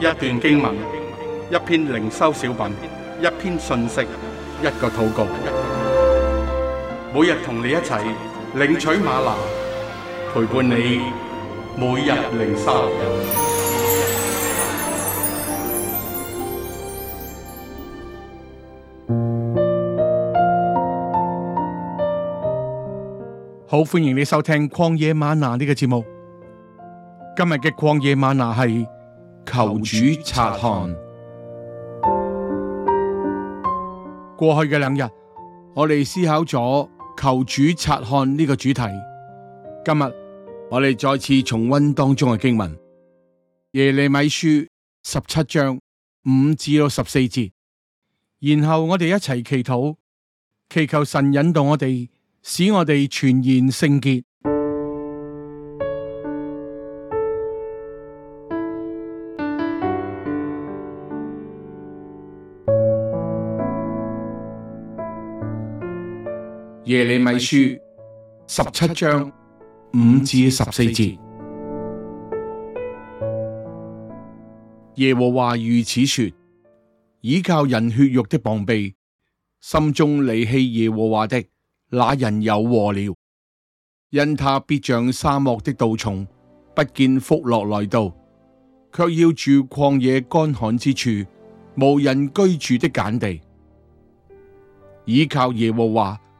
一段經文，一篇靈修小品，一篇信息，一個禱告。每日同你一齊領取嗎哪，陪伴你每日靈修。好，歡迎你收聽《曠野嗎哪》呢個節目。今日嘅《曠野嗎哪》係。求主察看，過去嘅兩日，我哋思考咗求主察看呢個主題。今日我哋再次重溫當中嘅經文，耶利米書十七章五至到十四節，然後我哋一齊祈禱，祈求神引導我哋，使我哋全然聖潔。耶利米書十七章五至十四節：耶和華如此說，倚靠人血肉的膀臂，心中離棄耶和華的那人有禍了。因他必像沙漠的杜松，不見福樂來到，卻要住曠野乾旱之處，無人居住的鹼地，倚靠耶和華，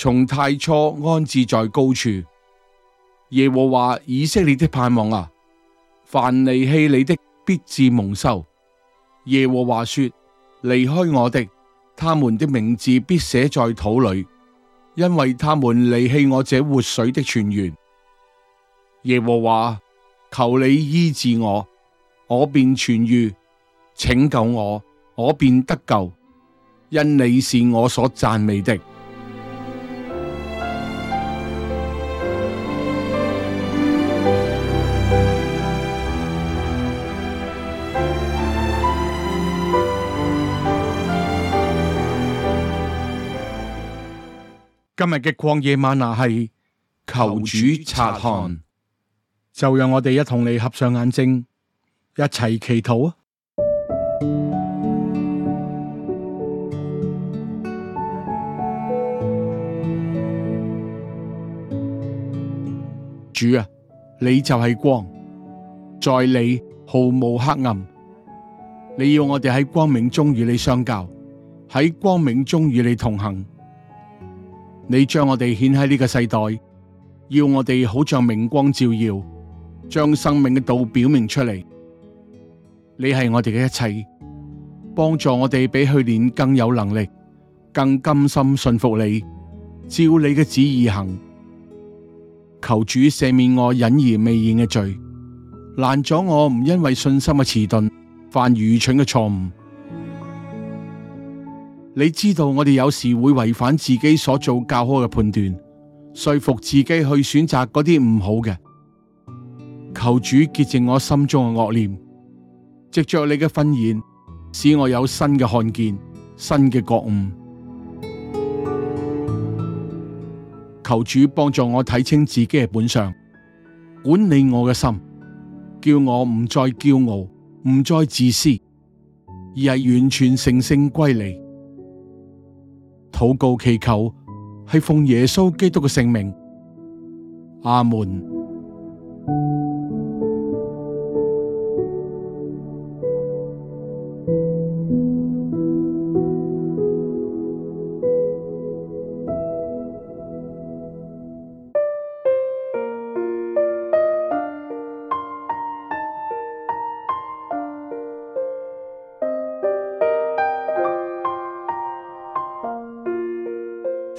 從太初安置在高處，耶和華以色列的盼望啊！凡離棄你的必致蒙羞。耶和華說：離開我的，他們的名字必寫在土裏，因為他們離棄我這活水的泉源。耶和華求你醫治我，我便痊癒；拯救我，我便得救，因你是我所讚美的。今日嘅曠野嗎哪係求主察看，就讓我哋一同你合上眼睛，一齊祈禱啊！主啊，你就係光，在你毫無黑暗。你要我哋喺光明中與你相交，喺光明中與你同行。你將我哋顯喺呢個世代，要我哋好像明光照耀，將生命嘅道表明出嚟。你係我哋嘅一切，幫助我哋比去年更有能力，更甘心信服你，照你嘅旨意行。求主赦免我隱而未現嘅罪，攔阻我唔因為信心嘅遲鈍犯愚蠢嘅錯誤。你知道我哋有時會違反自己所做較好嘅判斷，說服自己去選擇嗰啲唔好嘅。求主潔淨我心中嘅惡念，藉着你嘅訓言，使我有新嘅看見、新嘅覺悟。求主幫助我睇清自己嘅本相，管理我嘅心，叫我唔再驕傲、唔再自私，而係完全成聖歸你。禱告祈求係奉耶穌基督嘅聖名，阿門。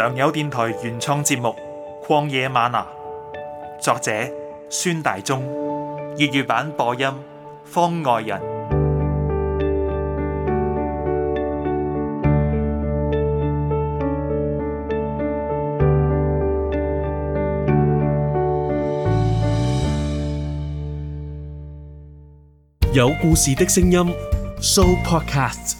良友電台原創節目《曠野嗎哪》，作者孫大中，粵語版播音方外人，有故事的聲音，Show Podcast。